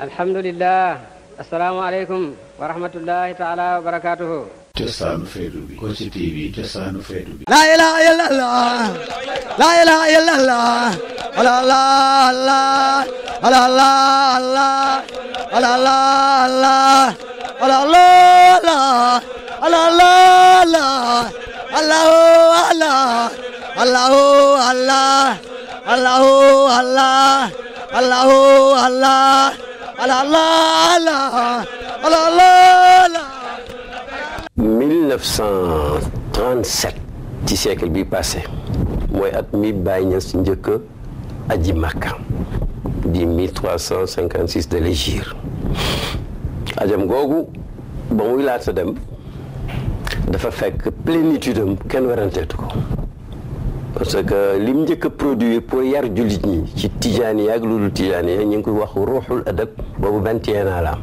الحمد لله السلام عليكم ورحمة الله تعالى وبركاته جسان فيدوبي كوشي تي في جسان فيدوبي لا إله إلا الله لا إله إلا الله ولا الله الله ولا الله الله ولا الله الله ولا الله الله ولا الله الله الله الله الله الله الله الله الله الله 1937 ci siècle bi passé Moi, at mi Baye Niass njëkk aji Makka di 1356 de l'hégire ajam googu ba muy laata dem faire fekk plénitude qu'elle kenn weranteetu ko parce que lim njëkk produit produire pour yar jullit ñi ci tijaani ak lu dul tijaani ñu ngi koy wax ruuxul adab boobu vingt et un ans la am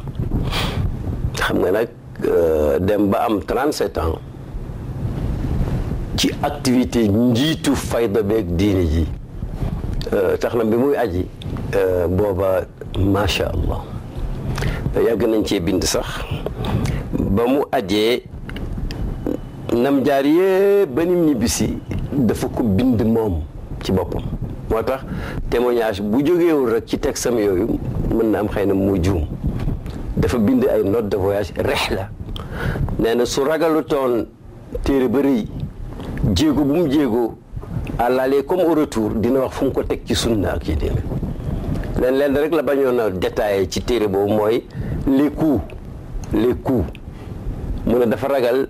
xam nga nag euh, dem ba am trente sept ans ci activité njiitu fayda beeg diini ji euh, tax na bi muy aji euh, booba macha allah yàgg nañ cee bind sax ba mu ajee nam jaar yëpp ba nim ñibbisi dafa ko bind moom ci boppam moo tax témoignage bu jógeewul rek ci textam yooyu mën na am xëy na mu juum dafa bind ay note de voyage rihla nee na su ragalu toon téere ba rëy jéego bu mu jéego à l'aller comme au dina wax fu mu ko teg ci sunna ak yi dégg leen leen rek la bañoon a ci téere boobu mooy les coups les coups dafa ragal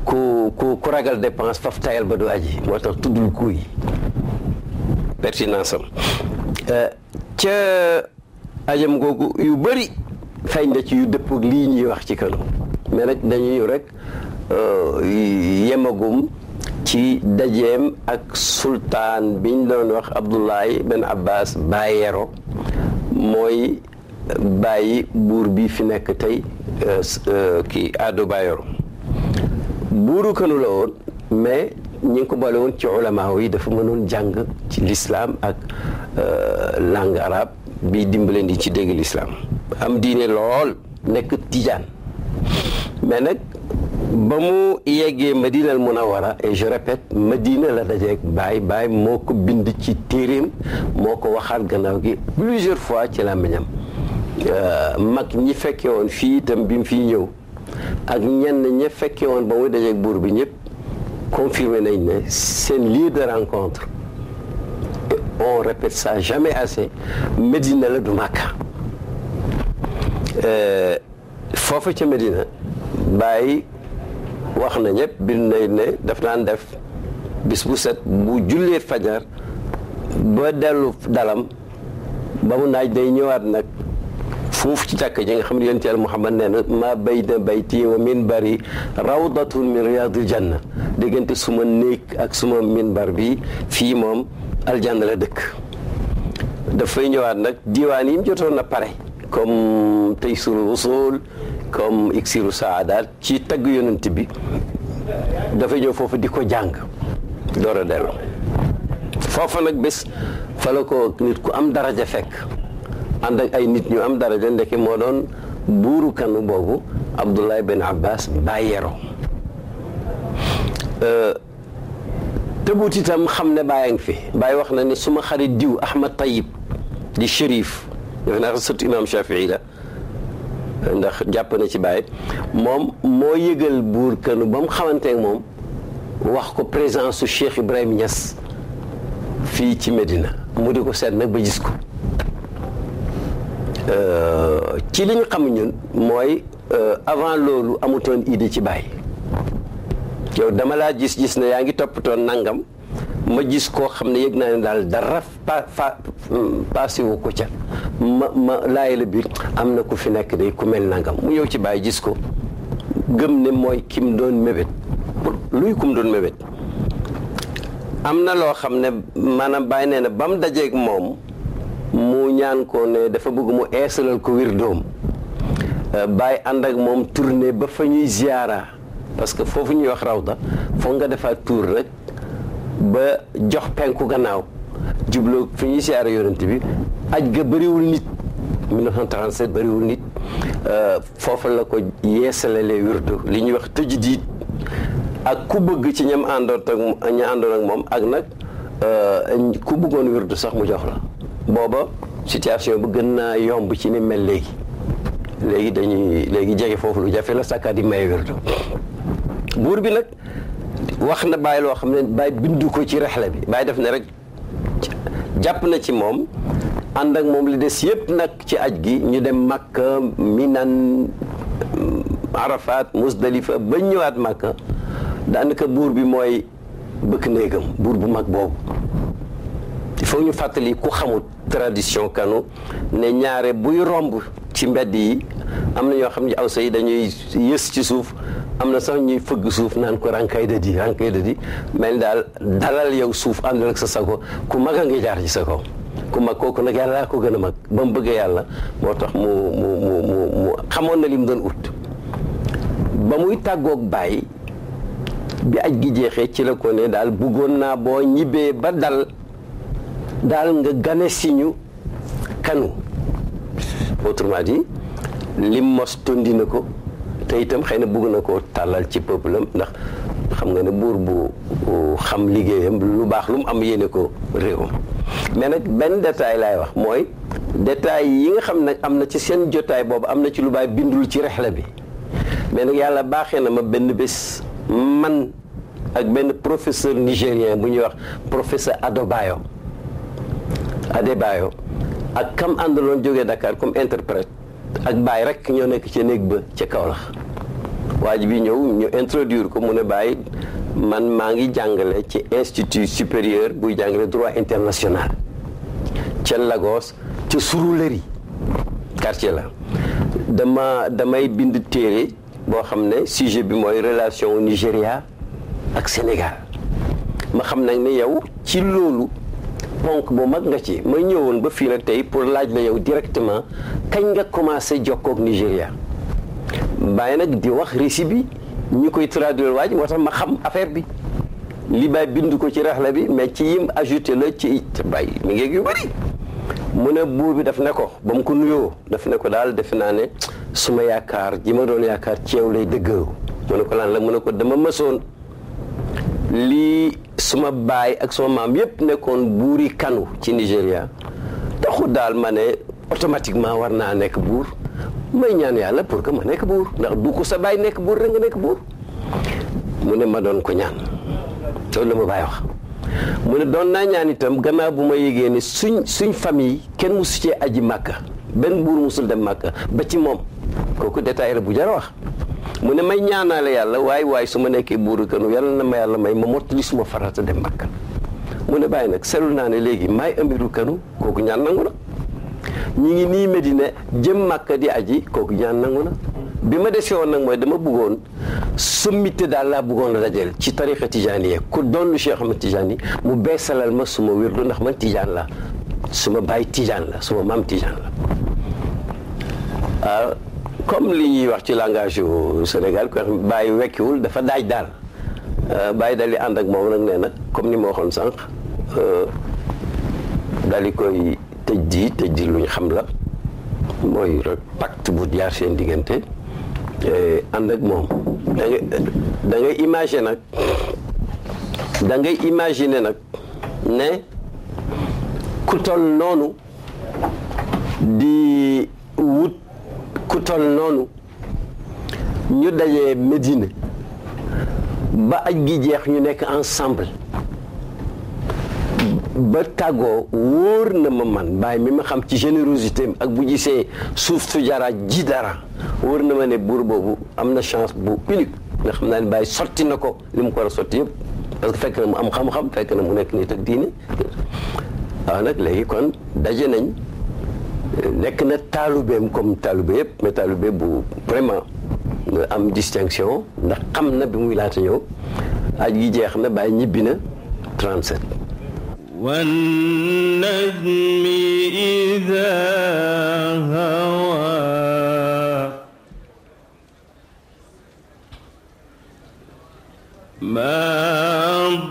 ku ku ku ragal dépense faf tayal ba du aji moo tax tuddul kuy pertinence euh, ca ajam googu yu bari xëy na ci yu dëpp ak lii ñuy wax ci kanam mais nag dañuy rek euh, yemagum ci dajeem ak sultaan biñ doon wax Abdoulaye Ben Abbas Bayero mooy bàyyi buur bi fi nekk tey euh, kii Ado Bayero buuru kanu la woon mais ñi ngi ko boole ci ulamaaw yi dafa mënoon jàng ci lislaam ak euh, langue arabe bii dimbaleen di ci dégg lislaam am diine lool nekk tijaan mais nag ba mu yeggee madinal munawara et je répète madina la dajeeg baay baay moo ko bind ci téeréem moo ko waxaat gannaaw gi plusieurs fois ci làmmiñam euh, mag ñi fekke woon fii itam bi mu fii ñëw ak ñenn ña fekke woon ba muy dajeeg buur bi ñëpp confirmé nañ ne seen lieu de rencontre et on répète ça jamais assez Médina la du Màkka euh, foofa ca Médina bàyyi wax na ñëpp bind nañ ne daf daan def bis bu set bu jullee fajar boo dellu dalam ba mu naaj day ñëwaat nag foofu ci jàkk ji nga xam ne yonent yàlla Muhammad nee na maa bayna bayti wa minbari rawdatun min riyadil janna diggante suma néeg ak suma minbar bi fii moom aljanna la dëkk dafay ñëwaat nag diwaan yi mu jotoon na pare comme taysirul wusul comme saadaat ci tagg yonent bi dafay ñëw foofu di ko jàng door a dellu foofa nag fa la ko nit ku am daraja fekk عندك أي نت نيو أم درجة عندك مودون بورو كانوا بابو عبد الله بن عباس بايرو أه، تبوتي تام خمنا باين في باي وخنا ني سما خريت ديو احمد طيب دي شريف يعني غسرت امام شافعي لا ndax japp na ci baye mom mo yeugal bour kanu bam xamanté ak mom wax ko présence cheikh ibrahim niass fi ci medina mudiko set nak Euh, ci li ñu xam ñun mooy euh, avant loolu amutoon idée ci Baye yow dama laa gis gis na yaa ngi toppatoon nangam ma gis koo xam ne yëg naa ne daal dara pa fa passé wu ko ca ma ma laaj la biir am na ku fi nekk day ku mel nangam mu ñëw ci Baye gis ko gëm ne mooy kim doon mébét luy kum doon mébét am na loo xam ne maanaam Baye nee na bam mu dajeeg moom. mu ñaan ko ne dafa bëgg mu eesalal ko wirdoom doom euh, bàyyi ànd ak moom tournée ba fa ñuy ziara parce que foofu ñuy wax rawda foo nga defaat tour rek ba jox penku gannaaw jubloo fi ñuy ziara yonent bi aj ga bëriwul nit 1937 bëriwul nit euh, foofa la ko yeesalalee wirdu li ñuy wax tëjdiit ak ku bëgg ci ñam àndoon ak ña àndoon ak moom ak nag euh, ku bëggoon wirdu sax mu jox la booba situation bu gën naa yomb ci ni mel léegi léegi dañuy léegi jege foofu lu jafe la sàkkaat di maye wérdu buur bi nag wax na bàyyi loo xam ne bàyyi bindu ko ci rexle bi bàyyi def na rek jàpp na ci moom ànd ak moom li des yëpp nag ci aj gi ñu dem Makka Minan Arafat Musdalifa ba ñëwaat Makka daanaka buur bi mooy bëkk néegam buur bu mag boobu foog ñu fàttali ku xamul tradition kanu ne ñaare buy romb ci mbedd yi am na ñoo xam ne awsa yi dañuy yës ci suuf am na sax ñuy fëgg suuf naan ko rankay da di rankay da di mel daal dalal yow suuf àndal ak sa sago ku mag a ngi jaar ci sa kaw ku mag kooku nag yàlla ko gën a mag ba mu bëggee yàlla moo tax mu mu mu mu xamoon na lim mu doon ut ba muy tàggook bàyyi bi aj gi jeexee ci la ko ne daal bëggoon naa boo ñibbee ba dal daal nga gane si ñu kanu autrement dit lim mos tondi na ko te itam xëy na bëgg na ko tàllal ci peuple am ndax xam nga ne buur bu xam liggéeyam lu baax lu mu am yéene ko réewam mais nag benn détail laay wax mooy détail yi nga xam ne am na ci seen jotaay boobu am na ci lu baay bindul ci rexla bi mais nag yàlla baaxee na ma benn bés man ak benn professeur nigérien bu ñuy wax professeur Adobayo Adebayo ak kam andalon joge Dakar comme interprète ak bay rek ñoo nek ci neeg ba ci Kaolack waji bi ñew ñu introduire ko mune bay man mangi ngi jàngale ci institut supérieur bu jangale droit international ci Lagos ci Suruleri quartier la dama damay bind téré bo xamné sujet bi moy relation Nigeria ak Sénégal ma xam ne yow ci lolu ponk bu mag nga ci may ñëwoon ba fii nag tey pour laaj la yow directement kañ nga commencé jokkoog Nigéria bàyyi nag di wax récit bi ñu koy traduire waaj moo tax ma xam affaire bi li baay bind ko ci raxla bi mais ci yim ajouté la ci bàyyi mi ngi yu bëri mu ne buur bi daf ne ko ba mu ko nuyoo daf ne ko daal defe naa ne suma yaakaar ji ma doon yaakaar ci yow lay dëggoo mu ne ko lan la mu ne ko dama mësoon lii suma baay ak suma maam yëpp nekkoon buuri kanu ci Nigéria taxu daal ma ne automatiquement war naa nekk buur may ñaan yàlla pour que ma nekk buur ndax du ko sa baay nekk buur rek nga nekk buur mu ne ma doon ko ñaan loolu la ma baay wax mu ne doon naa ñaan itam gannaaw bu ma yégee suñ suñ famille kenn musu cee aji màkka benn buur musul dem màkka ba ci moom kooku détail la bu jar wax mu ne may ñaanal yàlla waaye waaye su ma nekkee buuru kanu yàlla na ma yàlla may ma mottali suma farata dem Makka mu ne bàyyi nag seetlu naa ne léegi may amiru kanu kooku ñaan nangu na ñu ngi nii Medina jëm Makka di aji kooku ñaan nangu na bi ma dese woon nag mooy dama bëggoon sommité daal laa bëggoon dajale ci tariqa tijaaniya ku doon lu Cheikh Ahmad Tijaani mu beesalal ma suma ma ndax man tijaan la suma ma bàyyi tijaan la suma ma maam tijaan la ah, comme li ñuy wax ci langage yu Sénégal ko xam bàyyi wekkiwul dafa daaj daal euh, bàyyi dali ànd ak moom nag nee na comme ni ma waxoon sànq euh, daal di koy tëj di tëj di lu ñu xam la mooy pacte bu jaar seen diggante ànd ak moom da ngay imagine nag da ngay imaginer nag ne ku toll noonu di wut ku tol noonu ñu dajee Médine ba aj gi jeex ñu nekk ensemble ba tàggoo wóor na ma man bàyyi mi ma xam ci générosité ak bu gisee suuf su jara ji dara wóor na ma ne buur boobu am na chance bu unique nga xam naa ne bàyyi sotti na ko li mu ko war a sotti yëpp parce que fekk na mu am xam-xam fekk na mu nekk nit ak diine waaw nag léegi kon daje nañ nek na taalubeem comme taalube mais taalube bu vraiment am distinction ndax xamna bi muy laata ñëw aj gi jeex na bay ñibbi na 37 wan nadmi ida hawa ma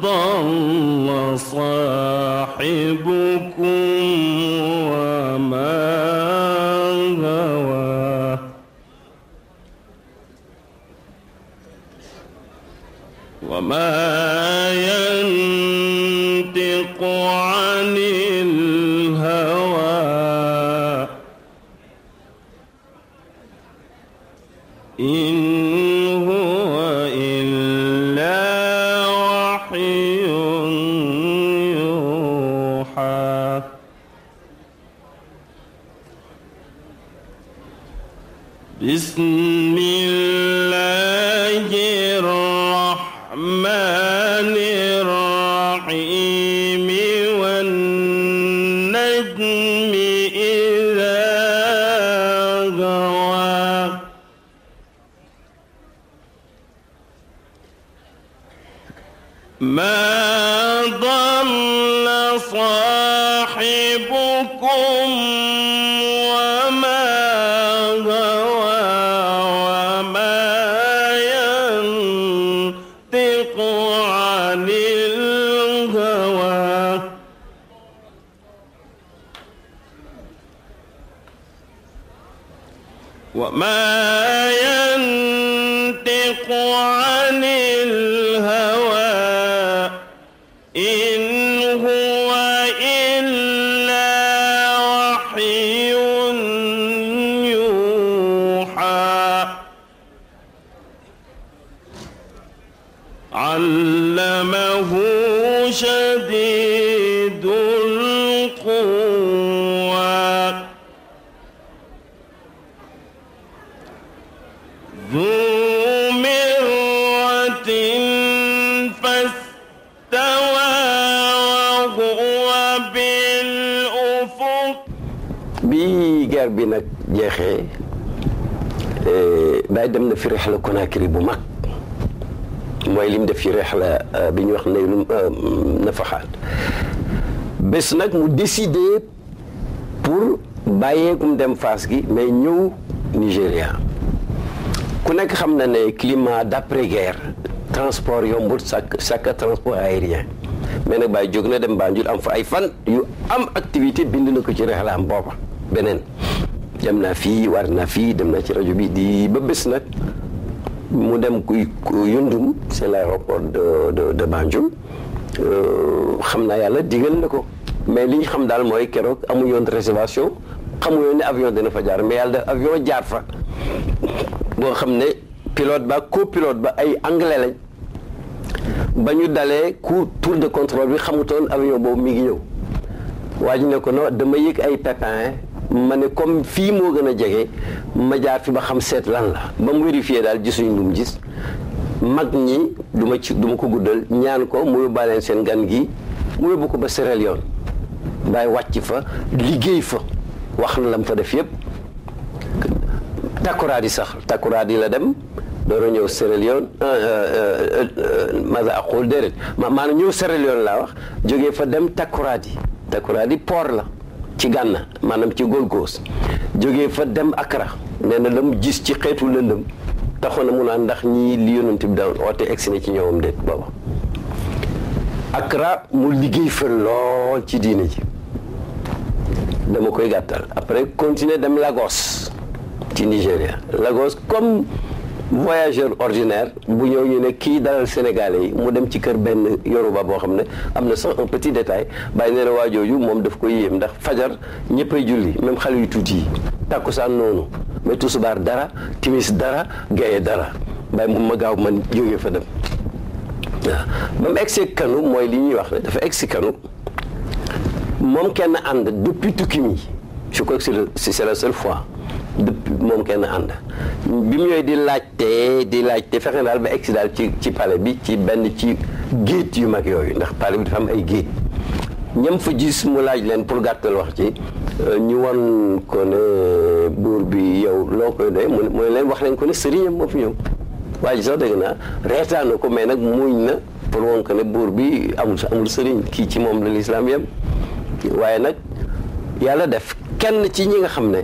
dalla saaxibukum وما غوى وما وما ينطق عن ديار بينك جيخي بعد من في رحله كنا كريبو مك مويلين في رحله بين وخنا نفخات بس نك مو ديسيدي بور بايكم دم فاسكي مي نيو نيجيريا كناك خمنا ني كليما دابري غير ترانسبور يومبول ساك ساك ترانسبور ايريان مي نك باي جوغنا دم بانجول ام فاي فان يو ام اكتيفيتي بيندنا كو سي ام بوبا بنين jam naa fii waar naa fii dem naa ci rajo bi di ba bés nag mu dem kuy yundum c'est l'aéroport de de euh, xam naa yàlla digal na ko mais li ñu xam daal mooy keroog amuñoon réservation xamuñoon ne avion dina fa jaar mais yàlla def avion jaar fa boo xam ne pilote ba copilote ba ay anglais lañ ba ñu dalee ku tour de contrôle bi xamutoon avion boobu mi ngi ñëw waa ji ne ko non dama yëg ay pépins ma ne comme fii moo gën a jege ma fi ba xam seet lan la ba mu vérifié daal gisuñ lu mu gis mag ñi duma ci du ma ko guddal ñaan ko mu yóbbaaleen seen gan gi mu yóbbu ko ba Sierra Leone bàyyi wàcc fa liggéey fa wax na la fa def yëpp takkuraadi sax takkuraadi la dem doora ñëw Sierra Leone masa aqul déedéet maanaam ñëw Sierra Leone laa wax jóge fa dem takkuraadi takkuraadi port la ci manam manam ci Golgos joge fa dem akra neena lam gis ci xetu lëndëm taxoon mu na ndax ñii li yonent bi daan oote egsi ci ñoom déet baba akra mu liggey fa lol ci diine ji dama koy gattal après continuer dem Lagos ci Nigeria, Lagos comme voyageur ordinaire bu ñëw ñu ne ki dalal Sénégalais mu dem ci kër benn yoruba bo xam amna sax un petit détail bay nee na waa jooju daf koy yéem ndax fajar ñeppay julli même xali yu tuuti yi tàkkusaan noonu mais tusubaar dara timis dara gaye dara bay mu ma gaaw man jógee fa dem waaw ba kanu moy li ñuy wax dafa egsi kanu mom kenn and depuis tukimi, je crois que c'est la seule fois depuis moom kenn ànd bi mu yooyu di laajte di laajte fexe daal ba egsi daal ci ci palais bi ci benn ci géet yu mag yooyu ndax palais bi dafa am ay géet ñam fa gis mu laaj leen pour gàttal wax ci euh, ñu wan ko ne buur bi yow loo koy de mu ne leen wax leen ko ne sëriñam moo fi ñëw waa ji sax dëgg naa reetaan ko mais nag muñ na pour woon ko ne buur bi amul amul sëriñ kii ci moom la lislaam yem waaye nag yàlla def kenn ci ñi nga xam ne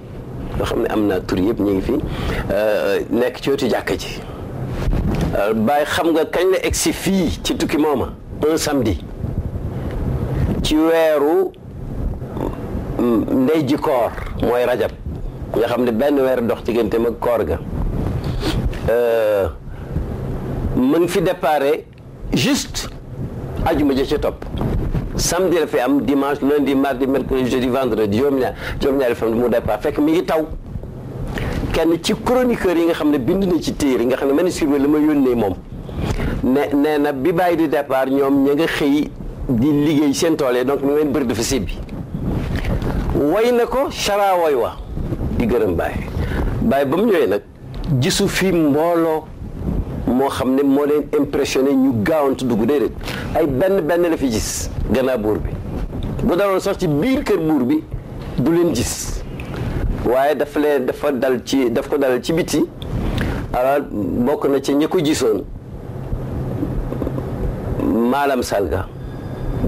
nga xam ne am naa tur yëpp ñu ngi fi euh, nekk ci wetu jàkka ji euh, bàyyi xam nga kañ la egsi fii ci tukki mooma un samedi ci weeru ndey ji koor mooy rajab nga xam ne benn weer dox ci gënte mag koor ga euh, mu fi déparé juste ajuma ja ci topp samedi la fi am dimanche lundi mardi mercredi jeudi vendredi juróom-ñaar juróom-ñaari fan mu départ fekk mi ngi taw kenn ci chroniqueur yi nga xam ne bind na ci téere yi nga xam ne manuscrit bi la ma yónnee moom ne nee na bi bàyyi di départ ñoom ña nga xëy di liggéey seen tool yi donc mu ngeen bëri dafa sibbi way na ko chara woy wa di gërëm Baye Baye ba mu ñëwee nag gisu fi mbooloo moo xam ne moo leen impressionné ñu gaawantu dugg déedéet ay benn benn la fi gis gannaaw buur bi bu daloon sax ci biir kër buur bi du leen gis waaye daf leen dafa dal ci daf ko dal ci biti alors bokk na ci ñi ko gisoon maalam salga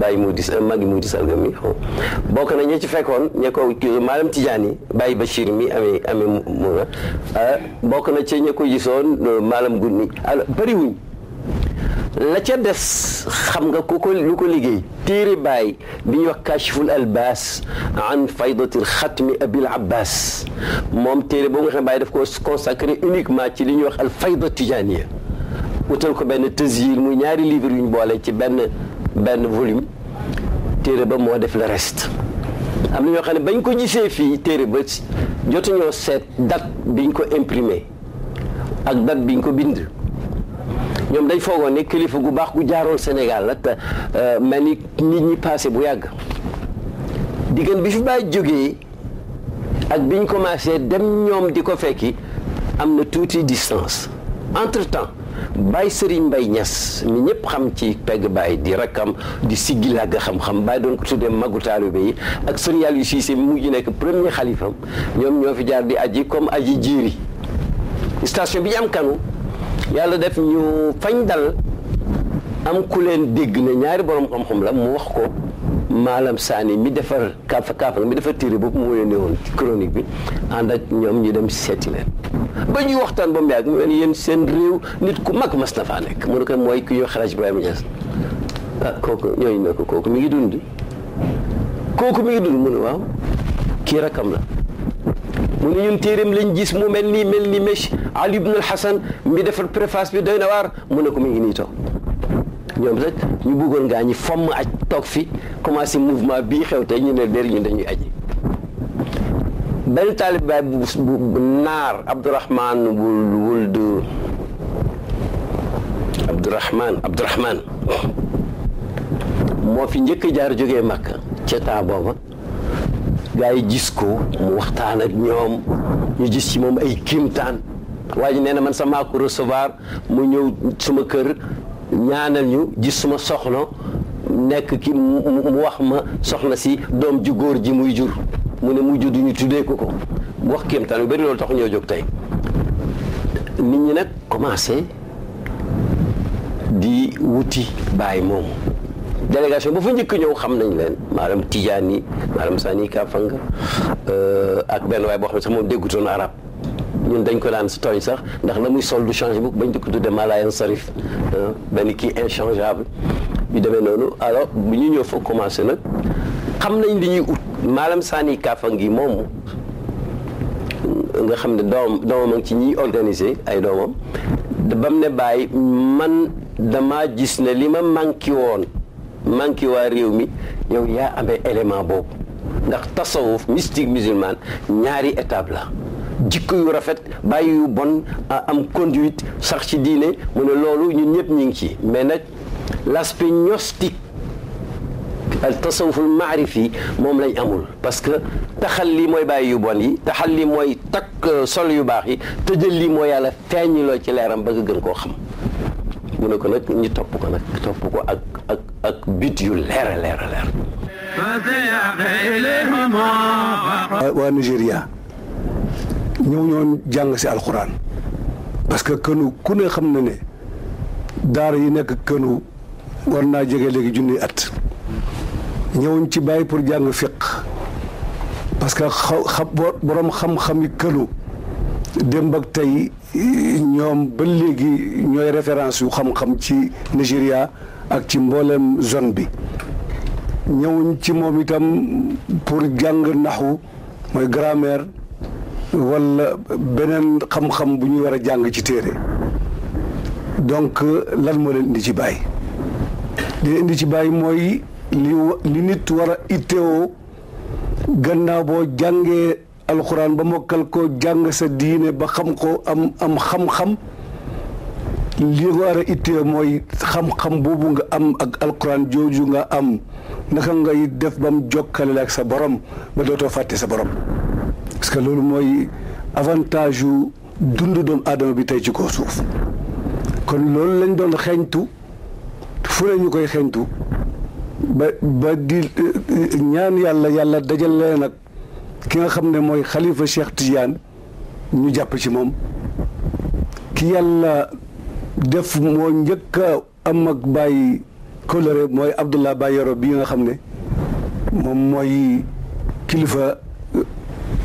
bàyyi muy dis magi muy dis algam mi bokk na ñi ci fekkoon ña ko maalam Tijaan yi bàyyi Bachir mi amee amee mu euh, bokk na ci ña ko gisoon euh, maalam gunni alors bëriwuñ la ca des xam nga ku ko lu ko liggéey téere baay bi ñuy wax kashiful albaas an faydatil xatmi abil abbas moom téere boobu nga xam ne baay ko consacré uniquement ci li ñuy wax al fayda tijaniya utal ko benn tasiir muy ñaari livre yu ñu boole ci benn Ben volume téré ba mo def le reste am ñoo xam bañ ko gissé fi téré ba ñoo set date biñ ko imprimer ak date biñ ko bind ñom dañ fogo ne kilifa gu bax gu Sénégal la euh manik ni nit ñi passé bu yagg diggante bi fi bay joggé ak biñ commencé dem ñom diko feki. fekki am distance entre temps Baye Serigne mbay ñas mi ñëpp xam ci pegg Baye di rakkam di siggi làgg xam-xam Baye doon ko tuddee magu taalibe yi ak sëñ Aliou Cissé mu mujj nekk premier xalifam ñoom ñoo fi jaar di aji comme aji jiiri station bi ñu am kanu yàlla def ñu fañ dal am ku leen dégg na ñaari borom xam-xam la mu wax ko maalam saani mi defar kaafa kaafa mi defar téere boobu mu yónnee woon ci chronique bi ànd ak ñoom ñu dem seeti ba ñuy waxtaan ba mu yàgg mu yéen seen nit ku mag mas na mu ne ko mooy ku ñuy xalaat Ibrahima Niass ah kooku ne ko kooku mi ngi dund kooku mi ngi dund mu ne waaw kii rakam la mu ne ñun téeréem lañ gis mu mel nii mel ni Mesh Ali ibn al Hasan mi defar préface bi doy na waar mu ne ko mi ngi nii ñom rek ñu bëggoon gaa ñi fam aj tok fi commencé mouvement bi xew tay ñu né der ñu dañuy aji bel talib bay bu nar abdourahman wul wuld abdourahman abdourahman moo fi ñëk jaar joggé makka ci ta bobu gaay gis ko mu waxtaan ak ñoom ñu gis ci mom ay kimtan waji neena man sama ko recevoir mu ñew suma kër ñaanal ñu gis suma soxna nekk ki mu wax ma soxna si doom ju góor ji muy jur mu ne mu juddu ñu tuddee ko ko wax kéemtaan bu bari loolu tax ñoo jóg tey nit ñi nag commencé di wuti bàyyi moomu délégation ba fa njëkk ñëw xam nañ leen maanaam Tidiane yi maanaam Sani Kafanga euh, ak benn waay boo xam ne sax moom déggutoon arab ñun dañ ko daan si tooñ sax ndax la muy sol du changé bu bañ di ko tudde Malayan Sarif benn kii inchangeable yu demee noonu alors bu ñu ñëw fa commencé nag xam nañ li ñuy ut maalam Sani Kaafa moom nga xam ne doom doomam ci ñiy organiser ay doomam ba ne bàyyi man dama gis ne li ma manqué woon manqué waa réew mi yow yaa amee élément boobu ndax tasawuf mystique musulman ñaari étape la jikko yu rafet bàyyi yu bon am conduite sax ci diine mu ne loolu ñun ñëpp ñu ngi ci mais nag l'aspect gnostique al tasawuful maarifi moom lañ amul parce que taxalli mooy bàyyi yu bon yi taxalli mooy takk sol yu baax yi tëjalli mooy yàlla feeñloo ci leeram ba nga gën koo xam mu ne ko nag ñu topp ko nag topp ko ak ak ak but yu leer a leer a leer waa Nigéria ñëw ñoon jàng si alxuraan parce que kënu ku ne xam na ne daara yi nekk kënu war naa jege léegi junni at ñëwuñ ci bàyyi pour jàng fiq parce que xaw borom xam yi kënu démb ak tey ñoom ba léegi ñooy référence yu xam-xam ci Nigéria ak ci mboolem zone bi ñëwuñ ci moom itam pour jàng naxu mooy grammaire wala beneen xam-xam bu ñu war a jàng ci téere donc lan moo leen indi ci bàyyi li indi ci bàyyi mooy li nit war a itteewoo gannaaw boo jàngee alxuraan ba mokkal ko jàng sa diine ba xam koo am am xam-xam li war a ittee mooy xam-xam boobu nga am ak alxuraan jooju nga am naka ngay def ba mu jokkale ak sa borom ba dootoo fàtte sa borom. parce que loolu mooy avantage yu dundu doomu aadama bi tey ci ko suuf kon loolu lañ doon xeeñtu fu ne ñu koy xeeñtu ba ba di ñaan yàlla yàlla dajal leen nag ki nga xam ne mooy xalifa Cheikh Tidiane ñu jàpp ci moom ki yàlla def moo njëkk am ak bàyyi coloré mooy Abdullah Bayero bi nga xam ne moom mooy kilifa.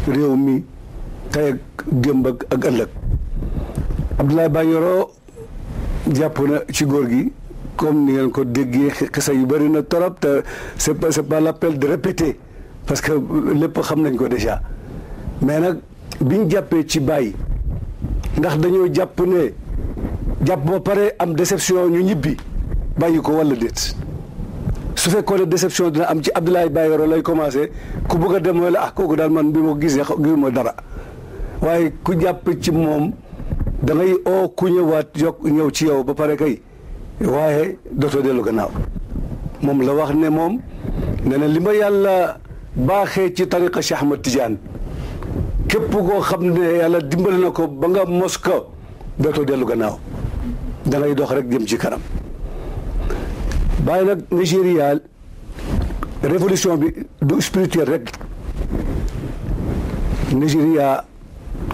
réew mi tey ak démb ak ëllëg Abdoulaye Bagnoro jàpp na ci góor gi comme ni ngeen ko déggee xisa yu bëri na trop te c'est pas c'est l'appel de répéter parce que lépp xam nañ ko déjà mais nag biñ jàppee ci bàyyi ndax dañoo jàpp ne jàpp ba pare am déception ñu ñibbi bàyyi ko walla déet su fekkoon ne déception dina am ci Abdoulaye Bayero lay commencé ku bëgg a dem la ah kooku daal man bi moo ko gisee gisuma dara waaye ku jàpp ci moom da oo ku ñëwaat yokk ñëw ci yow ba pare kay waaye dootoo dellu gannaaw moom la wax ne moom nee na li ma yàlla baaxee ci tariqa Cheikh Ahmad Tidiane képp koo xam ne yàlla dimbali na ko ba nga mos ko dootoo dellu gannaaw da ngay dox rek jëm ci kanam. bàyyi nag Nigéria révolution bi du spirituel rek Nigéria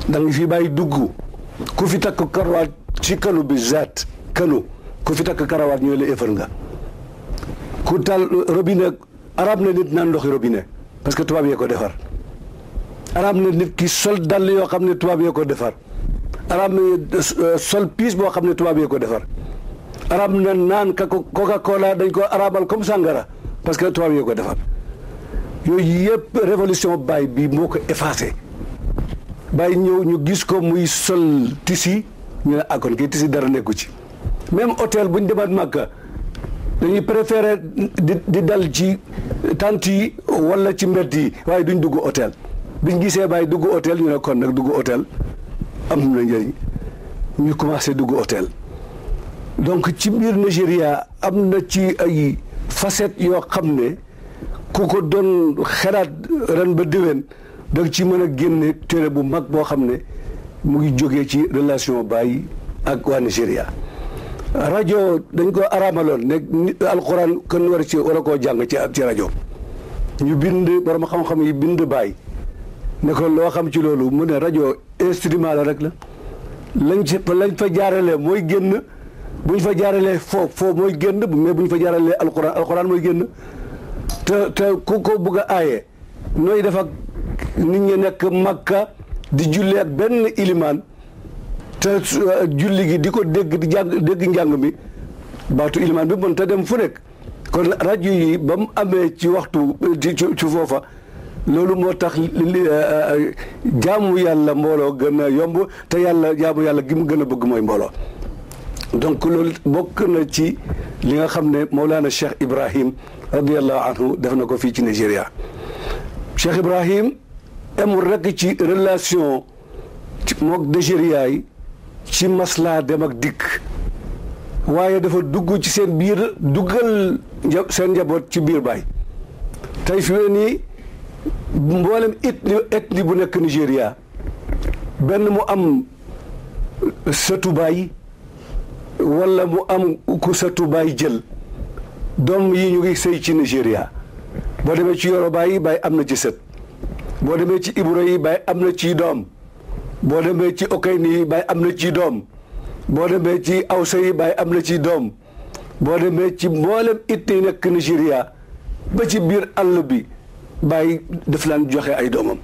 da nga fi bàyyi dugg ku fi takk karawaat ci kanu bi zaat kanu ku fi takk karawaat ñooy la éefar nga ku taal robinet arab na nit naan ndoxi robine parce que tubaab yee ko defar arab na nit ki sol dàll yoo xam ne tubaab yee ko defar arab na euh, sol piis boo xam ne tubaab yee ko defar arab na naan ka coca cola dañ ko arabal comme sàngara parce que tubaab yooyu ko defar yooyu yëpp révolution Baye bi moo ko effacé Baye ñëw ñu gis ko muy sol tissi ñu ne akon ah, kii tisi dara nekku ci même hôtel bu ñu demaat Màkka dañuy préféré di di dal ci tant yi wala ci mbedd yi waaye duñ dugg hôtel biñ gisee Baye dugg otel ñu ne kon nag dugg hôtel am na njëriñ ñu commencé dugg hôtel donc ci biir Nigéria am na ci ay facettes yoo xam ne ku ko doon xalaat ren ba déwén da ci mën a génne téere bu mag boo xam ne mu ngi jóge ci relation Baye ak waa Nigéria rajo dañ ko araamaloon nekk alxuraan kenn war ci war a koo jàng ci ci rajo ñu bind borom xam-xam yi bind Baye ne ko loo xam ci loolu mu ne rajo instrument la rek la lañ ci lañ fa jaarale mooy génn bu ñu fa jaaralee foo foo mooy génn mais bu ñu fa jaaralee alquran alquran mooy génn te te ku ko bëgg aaye nooy defak ak nit ñi nekk makka di julli ak benn ilimaan te euh, julli gi di ko dégg di jàng dégg njàng mi baatu ilimaan bi mën te dem fu nekk kon rajo yi ba mu amee ci waxtu ci foofa loolu moo tax euh, euh, jaamu yàlla mbooloo gën a yomb te yàlla jaamu yàlla gi mu gën a bëgg mooy mbooloo donc loolu bokk na ci li nga xam ne Mawlana Cheikh Ibrahim radiallahu anhu def na ko fii ci Nigéria Cheikh Ibrahim amul rekk ci relation ci mook Nigéria yi ci maslaa dem ak dikk waaye dafa dugg ci seen biir duggal seen njaboot ci biir baay tey fi mu nii mboolem ethnie ethnie bu nekk Nigéria benn mu am sëtu baay wala mu am ku sa tubaay jël doom yi ñu ngi sëy ci Nigéria boo demee ci Yoruba yi baay am na ci set boo demee ci Ibro yi baay am na ci doom boo demee ci Okayni yi baay am na ci doom boo demee ci Awsa yi baay am na ci doom boo demee ci mboolem it yi nekk Nigéria ba ci biir àll bi baay daf laan joxe ay doomam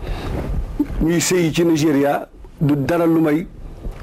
ñuy sëy ci Nigéria du dara lu may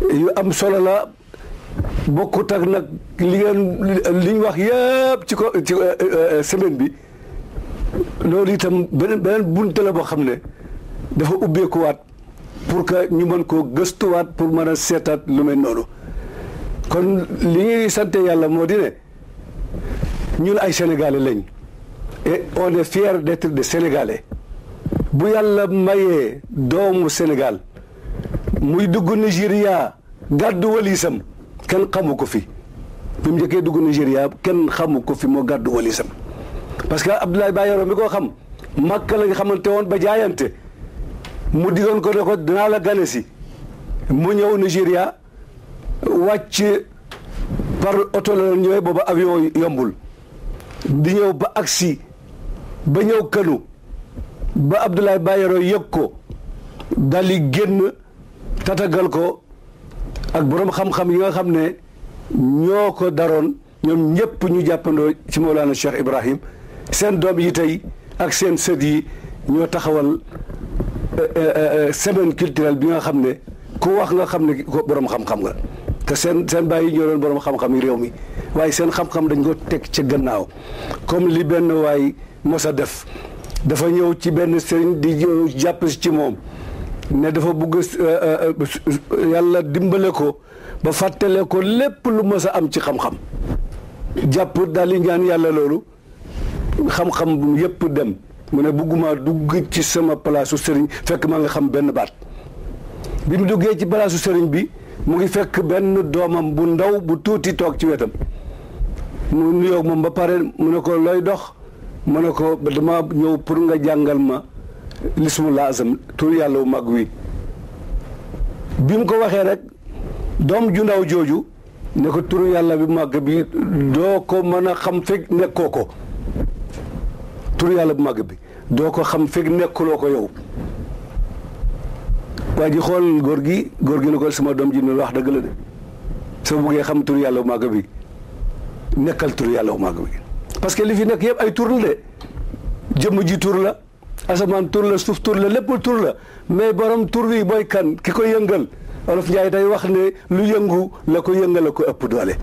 yu am solo la bokkut ak nag li ngeen li ñu wax yëpp ci ko ci euh, euh, semaine bi loolu itam beneen beneen bunte la boo xam ne dafa ubbeekuwaat pour que ñu mën koo gëstuwaat pour mën a seetaat lu mel noonu kon li ñuy sante yàlla moo di ne ñun ay sénégalais lañ et on est fier d'être des sénégalais bu yàlla mayee doomu Sénégal muy dugg Nigéria gàddu walisam kenn xamu ko fi bi mu njëkkee dugg Nigéria kenn xamu ko fi moo gàddu walisam parce que Abdoulaye Bayero mi koo xam Makka la nga xamante woon ba jaayante mu diggoon ko ne ko dinaa la gane si mu ñëw Nigéria wàcc par oto ñëwee booba avion yombul di ñëw ba agsi ba ñëw kanu ba Abdoulaye Bayero yëg ko dali gën tatagal ko ak boroom xam-xam yi nga xam ne ñoo ko daroon ñoom ñëpp ñu jàppandoo ci Mawlana Cheikh Ibrahim seen doom yi tey ak seen sët yi ñoo taxawal euh, euh, euh, semaine culturelle bi nga xam ne ku wax nga xam ne ko boroom xam-xam nga te seen seen bàyyi ñoo doon borom xam-xam réew mi waaye seen xam-xam dañ ko teg ca gannaaw comme li benn waay mos a def dafa ñëw ci benn sëriñ di ñëw jàpp ci moom. ne dafa bëgg euh, euh, euh, yàlla dimbale ko ba fàttale ko lépp lu mës a am ci xam-xam jàpp daal yàlla loolu xam-xam yépp dem mu ne bugguma dugg ci sama palaasu sëriñ fekk maa nga xam benn baat bi mu duggee ci palaasu sëriñ bi mu ngi fekk benn doomam bu ndaw bu tuuti toog ci wetam mu nuyoo moom ba pare mu ne ko looy dox mu ne ko dama ñëw pour nga jàngal ma lismu laazam tur yàlla wu mag wi bi mu ko waxee rek doom ju ndaw jooju ne ko tur yàlla bi màgg bi doo ko mën a xam fekk nekkoo ko tur bu màgg bi doo ko xam fekk nekkuloo ko yow waa ji xool góor gi góor gi ne ko sama doom ji ne wax dëgg la de soo buggee xam tur yàlla bu màgg bi nekkal tur yàlla bu màgg bi parce que li fi nekk yëpp ay tur la de jëmm ji tur la asa man turle suuf tur la lépp mais borom tur wi kan kiko ko yëngal olof day wax ne lu yëngu lako ko lako la doole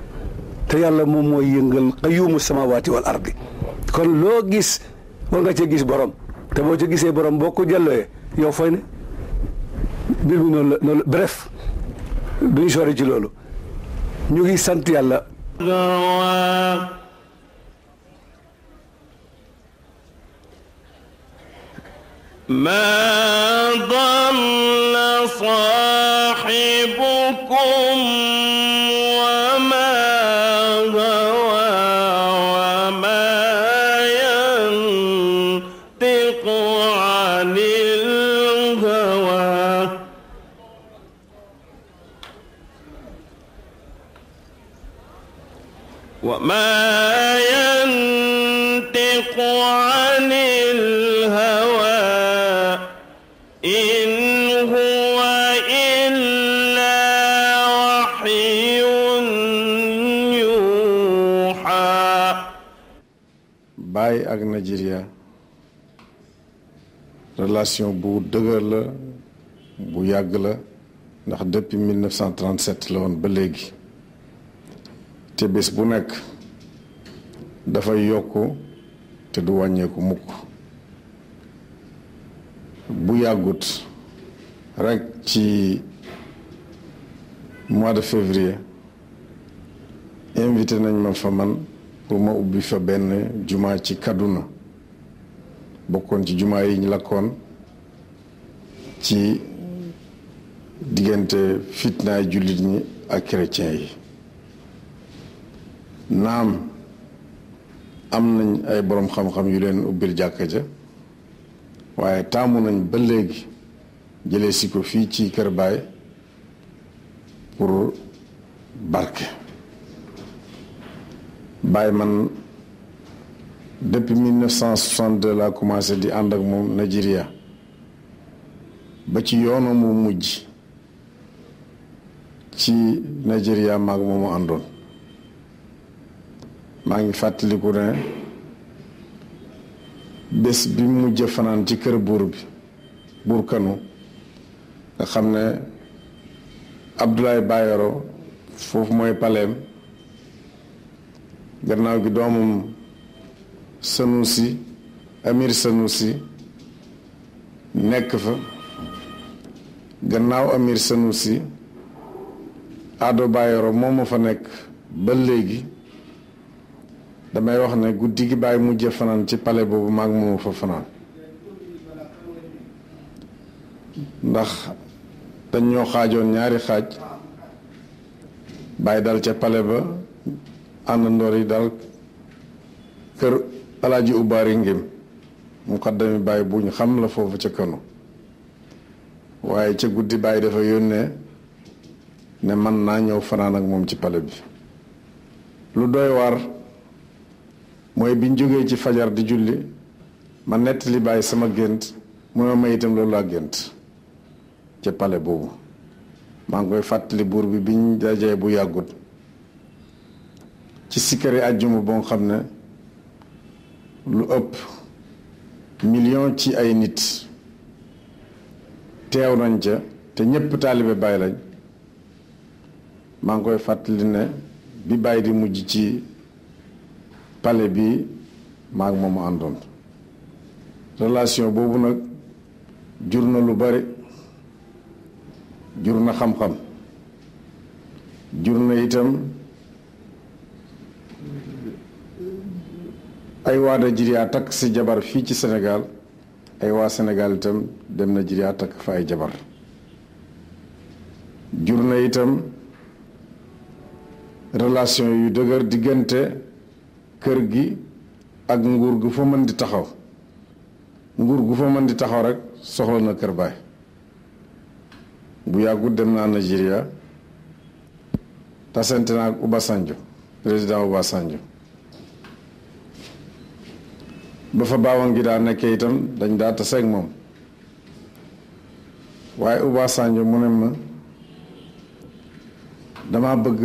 te yalla mom moy yëngal qayyumu samawati wal ardi kon lo gis war nga ci gis borom te bo ci gisee borom boko ko yow fay ne bir bi non la bref duñu sori ci lolu ñu ngi sant yalla ما ضل صاحبكم وما غوى وما ينطق عن الهوى وما bàyyi ak Nigeria relation bu dëgër la bu yàgg la ndax depuis 1937 la woon ba léegi te bés bu nekk dafay yokk te du wàññeeku mukk bu yàggut rekk ci mois de février invité nañ ma fa man pour ma ubbi fa benn jumaa ci Kaduna bokkoon ci jumaa yi ñu lakkoon ci diggante fitnaay jullit ñi ak chrétien yi naam am nañ ay boroom xam-xam yu leen ubbil jàkka ja waaye taamu nañ ba léegi jële si ko fii ci kër baay pour barke Baye man depuis 1962 laa commencé di ànd ak moom Nigeria ba ci yoonu mu mujj ci Nigeria maag moomu àndoon maa ngi fàttaliku ne bés bi mujj fanaan ci kër buur bi buur kanu nga xam ne Abdoulaye Bayero foofu mooy paleem gannaaw gi doomam Sanusi Amir Sanusi nekk fa gannaaw Amir Sanusi Ado Bayero moom ma fa nekk ba léegi damay wax ne guddi gi bàyyi mujje fanaan ci pale boobu maag moomu fa fanaan ndax dañ ñoo xaajoon ñaari xaaj bàyyi dal ca pale ba àndandoor yi daal kër alaaji ubbaari ngim muqaddami baay bu ñu xam la foofu ca kanu waaye ca guddi baay dafa yónnee ne man naa ñëw fanaan ak moom ci pale bi lu doy waar mooy biñ jógee ci fajar di julli ma nettali baay sama gént mu ne ma itam loolu laa gént ca pale boobu maa ngi koy fàttali buur bi biñ dajee bu yàggut ci sikkari àjjuma boo xam ne lu ëpp million ci ay nit teew nañ ca te ñépp taalibe Baay lañ maa ngi koy fàttali ne bi Baay di mujj ci pale bi maa ngi moom àndoon relation boobu nag jur na lu bari jur na xam-xam jur na itam ay waa Nigeria takk ci jabar fii ci Sénégal ay waa senegal itam dem Nigeria takk fa ay jabar jur na itam relation yu dëgër diggante kër gi ak nguur gu fa mën di taxaw nguur gu fa mën di taxaw rek soxla na kër baay bu yàggut dem naa Nigeria tasante naa ak Obasanjo président Obasanjo ba fa baawam gi daa nekkee itam dañ daa tase moom waaye Uba Sanjo mu ne ma dama bëgg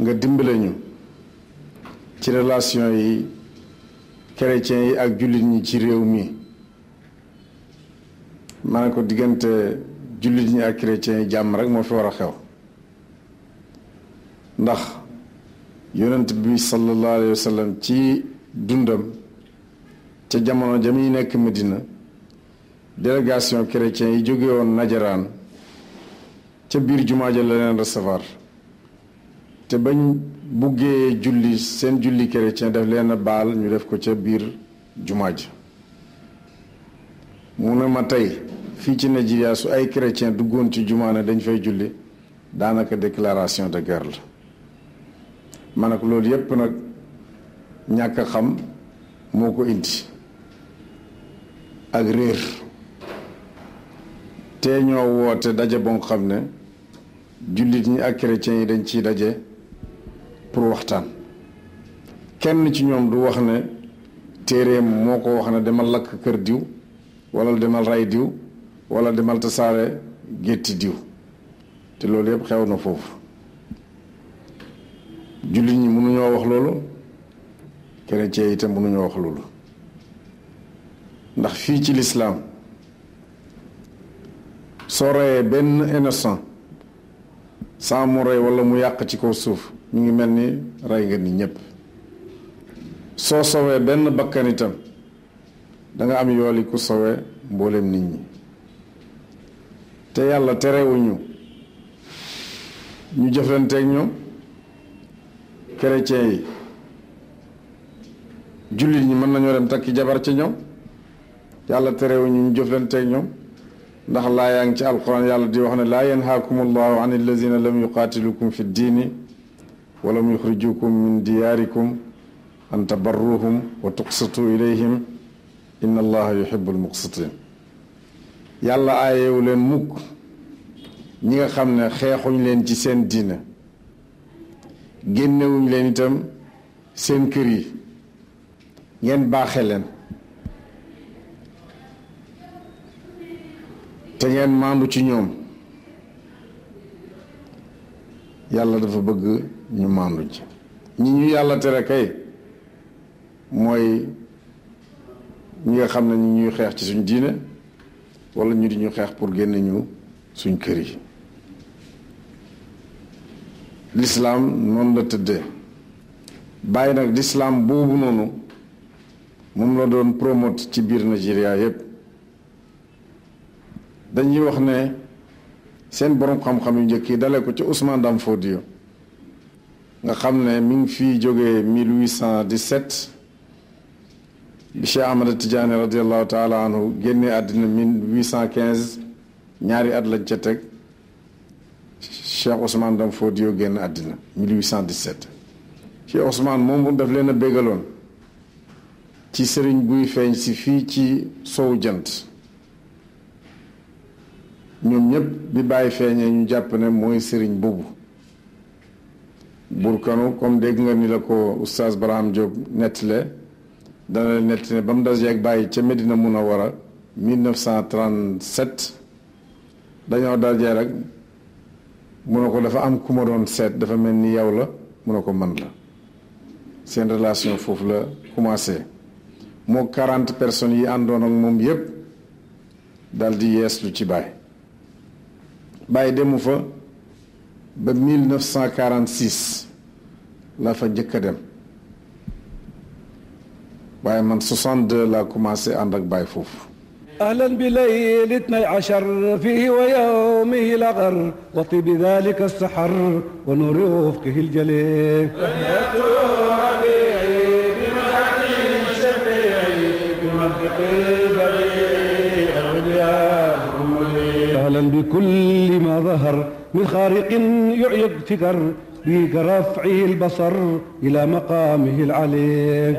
nga dimbale ñu ci relation yi chrétien yi ak jullit ñi ci réew mi ma ne ko diggante jullit ñi ak chrétien yi jàmm rek moo fi war a xew ndax yonent bi sallallahu alayhi wa ci dundam ca jamono ja muy nekk Medina délégation chrétien yi jóge woon Najaraan ca biir jumaa ja la leen recevoir te bañ buggee julli seen julli chrétien daf leen baal ñu def ko ca biir jumaa ja mu ne ma tey fii ci Nigeria su ay chrétien duggoon ci jumaa ne dañ fay julli daanaka déclaration de guerre la ma ne ko loolu yépp nag ñàkk a xam moo ko indi ak réer te ñoo woote daje bo xam ne jullit ñi ak chrétiens yi dañ ciy daje pour waxtaan kenn ci ñoom du wax ne téereem moo ko wax ne demal lakk kër diw walla demal ray diw wala demal tasaare gétti diw te loolu yëpp xew na foofu jullit ñi mënuñoo wax loolu chrétiens yi itam mënuñoo wax loolu ndax fii ci lislaam soo reyee benn innocent saa mu rey wala mu yàq ci kaw suuf mu ngi mel ni rey nga ni ñépp soo sowee benn bakkan danga am yooli ku sowee mboolem nit ñi te yàlla terewuñu ñu jëflanteeg ñoom chrétiens yi jullit ñi mën nañoo dem takki jabar ci ñoom يالا تريو ني جوفلانتي نيوم ناخ لا يانغ تي القران يالا دي واخنا لا ينهاكم الله عن الذين لم يقاتلوكم في الدين ولم يخرجوكم من دياركم ان تبروهم وتقسطوا اليهم ان الله يحب المقسطين يالا ايو لين موك نيغا خامنا خيخوني لين تي سين دين генيوني لين تام سين كيري ген باخيلن te ngeen maandu ci ñoom yàlla dafa bëgg ñu maandu ci ñi ñu yàlla tere kay mooy ñi nga xam ne ñu ñuy xeex ci suñ diine wala ñu di ñu xeex pour génn ñu suñ kër yi lislaam noonu la tëddee bàyyi nag lislaam boobu noonu moom la doon promote ci biir Nigeria yépp dañuy wax ne seen borom xam-xam yu njëkk yi dalee ko ci Ousmane Dam Fodio nga xam ne mi ngi fii jógee 1817 bi Cheikh Ahmad Tidiane radiallahu taala anhu génnee àddina 1815 ñaari at lañ ca teg Cheikh Ousmane Dam génn àddina 1817 Cheikh Ousmane moom daf leen a béggaloon ci sëriñ buy feeñ si fii ci sowu jant ñoom ñëpp bi bàyyi feeñee ñu jàpp ne mooy sëriñ boobu burkanu comme dégg nga ni la ko oustaz Barham Diop nettale dana nettale ba mu dajee ak bàyyi ca Medina mun a Munawara 1937 dañoo dajee rek mu ne ko dafa am ku ma doon seet dafa mel ni yow la mu ne ko man la seen relation foofu la commencé moo 40 personnes yi àndoon ak moom yépp dal di yees lu ci bàyyi bàyyi demu fa ba 1946 la fa njëkk a dem waaye man 62 laa commencé ànd ak bàyyi foofu أهلا بليل اثني عشر فيه ويومه لغر وطيب ذلك السحر ونور أفقه الجليل بكل ما ظهر من خارق يبتكر بك رفعه البصر إلى مقامه العلي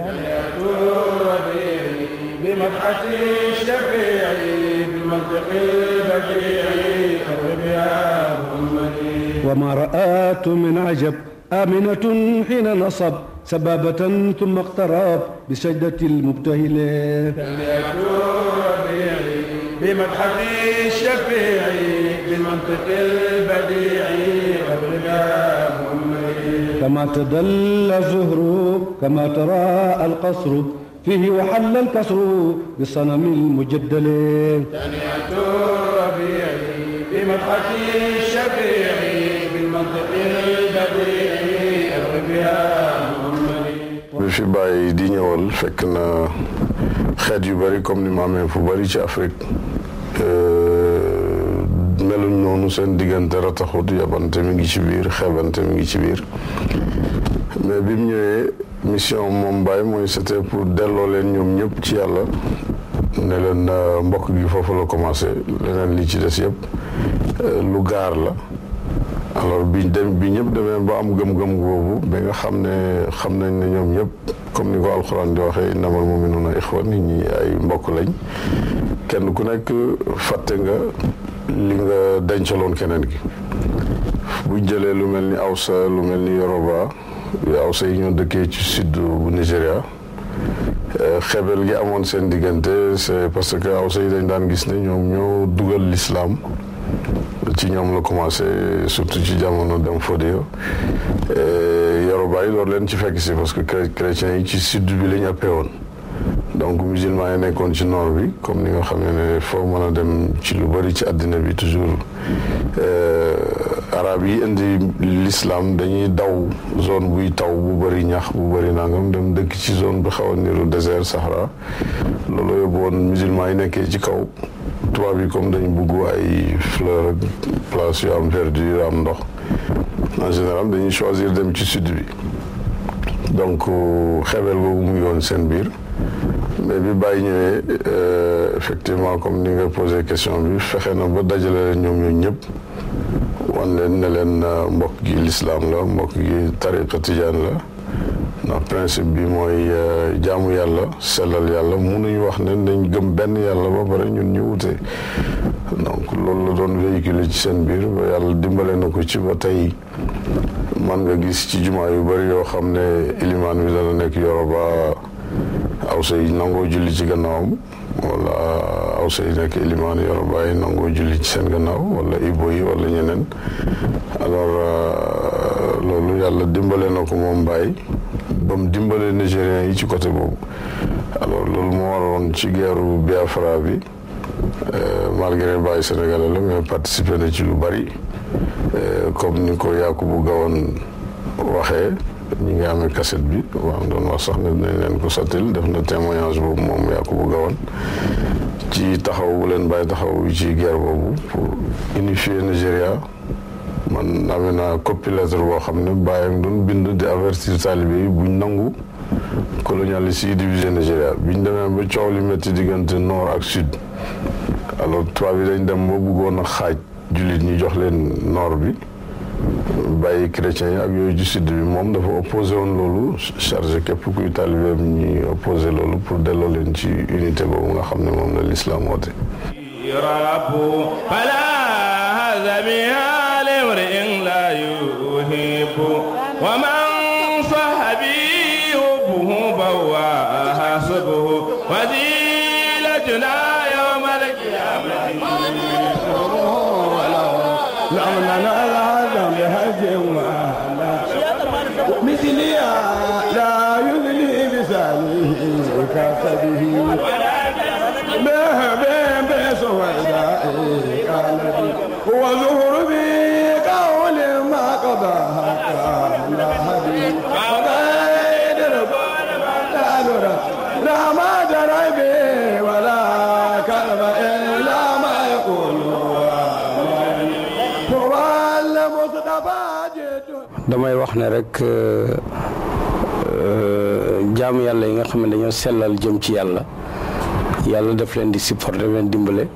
بمدحته الشفيعي بالمنطق البديعي قرب يا محمدي وما رآت من عجب آمنة حين نصب سبابة ثم اقترب بسجدة المبتهلة فليكن ربيعي بمدحته الشفيعي كما تدل الزهر كما ترى القصر فيه وحل الكسر بصنم المجدل تهنئة الربيع بمدحة الشفيع بالمنطق البديع الربيع في باي دي فكنا خادي بريكم نمامي في باريش أفريقيا meluñ noonu seen diggante rataxut yabante mi ngi ci biir xebante mi ngi ci biir mais bi mu ñëwee mission moom Baye mooy c'était pour delloo leen ñoom ñëpp ci yàlla ne leen euh, mbokk gi foofu la commencé leneen li ci des yëpp euh, lu gaar la alors bi dem bi ñëpp demee ba am gëm-gëm boobu ba nga xam ne xam nañ ne ñoom ñëpp comme ni ko alxuraan di waxee innamal mu'minuuna ixwa nit ñi ay mbokk lañ kenn ku nekk fàtte nga li nga dencaloon keneen ki bu jëlee lu mel ni awsa lu mel ni yoruba awsa yi ñoo dëkkee ci sud bu Nigéria eh, xebel gi amoon seen diggante c'est parce que awsa yi dañ daan gis ne ñoom ñoo dugal lislaam ci ñoom la commencé surtout ci jamono dem e eh, yoruba yi loolu leen ci fekk si parce que chrétiens yi ci sud bi lañu appee woon donc musulman yi nekkoon ci nord bi comme ni nga xam ne foo mën a dem ci lu bëri ci àddina bi toujours euh, arab yi indi l'islam dañuy daw zone buy taw bu bëri ñax bu bëri nangam dem dëkk ci zone bi xaw a niru désert loolu yóbbu woon musulman yi nekkee ci kaw tubaab yi comme dañu bëgg ay fleur ak place yu am am ndox en général dañuy choisir dem ci sud bi donc euh, xewel boobu mu yoon seen biir mais bi bàyyi ñëwee euh, effectivement comme ni nga posé question bi fexe na ba dajale leen ñoom ñooñu ñëpp wan leen leen euh, mbokk gi lislaam la mbokk gi tariqa tijaan la ndax principe bi mooy euh, jaamu yàlla sellal yàlla mu munuñ wax ne nañ gëm benn yàlla ba pare ñun ñu wute donc loolu la doon véhiculer ci seen biir ba yàlla dimbale na ko ci ba tey man nga gis ci jumaa yu bari yoo xam ne ilimaan bi dana nekk Yoruba aw say nangoo julli ci gannaawam wala aw say nekk ilimaan yoro bàyyi nangoo julli ci seen gannaaw wala ibo yi wala ñeneen alors euh, loolu yàlla dimbalee na ko moom bàyyi ba dimbalee dimbale nigériens yi ci côté boobu alors loolu moo waroon ci guerru Biafra bi euh, malgré bàyyi sénégalais la mais participé na ci lu bari euh, comme ni ko Yakubu Gowon waxee ñi nga amee cassette bi waaw doon wax na ne dinañ leen ko sottil def na témoignage boobu moom yaa ko bëgg a ci taxaw bu leen bàyyi taxaw ci ger boobu pour unifier Nigéria man na naa copie lettre boo xam ne bàyyam doon bind di avertir talibé bu buñ nangu colonialiste yi divisé bi biñ demee ba coow li métti diggante nord ak sud alors tubaab bi dañ dem ba bëggoon a xaaj jullit ñi jox leen nord bi bay chrétiens ak yoy ci sud bi mom dafa opposé won loolu chargé képp kuy talibé ñuy opposé loolu pour delloo leen ci unité boobu nga xam ne moom la lislaam woote وما الإلياء لا يدلي بساله كفبه damay wax ne rek euh, euh, jaamu yàlla yi nga xam ne dañoo sellal jëm ci yàlla yàlla def leen di support daf leen dimbale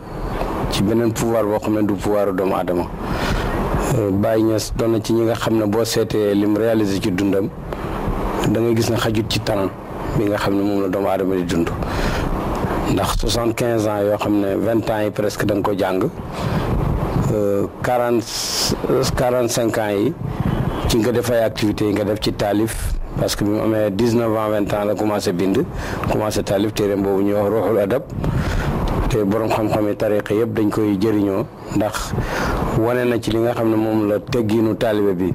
ci beneen pouvoir boo xam ne du pouvoiru doomu aadama euh, bàyyi Niass doon ci ñi nga xam ne boo seetee lim réalisé ci dundam da gis ne xajut ci temps bi nga xam ne moom la doomu adama di dund ndax soixante quinze ans yoo xam ne vingt ans yi presque da nga ko jàng quarante quarante cinq ans yi ci nga def ay activités yi nga def ci taalif parce que bi mu amee dix neuf ans vingt ans la commencé bind commencé taalif téeréem boobu ñuy wax ruuxul adab te borom xam-xame tariqa yëpp dañ koy jëriñoo ndax wane na ci li nga xam ne moom la tegginu taalibe bi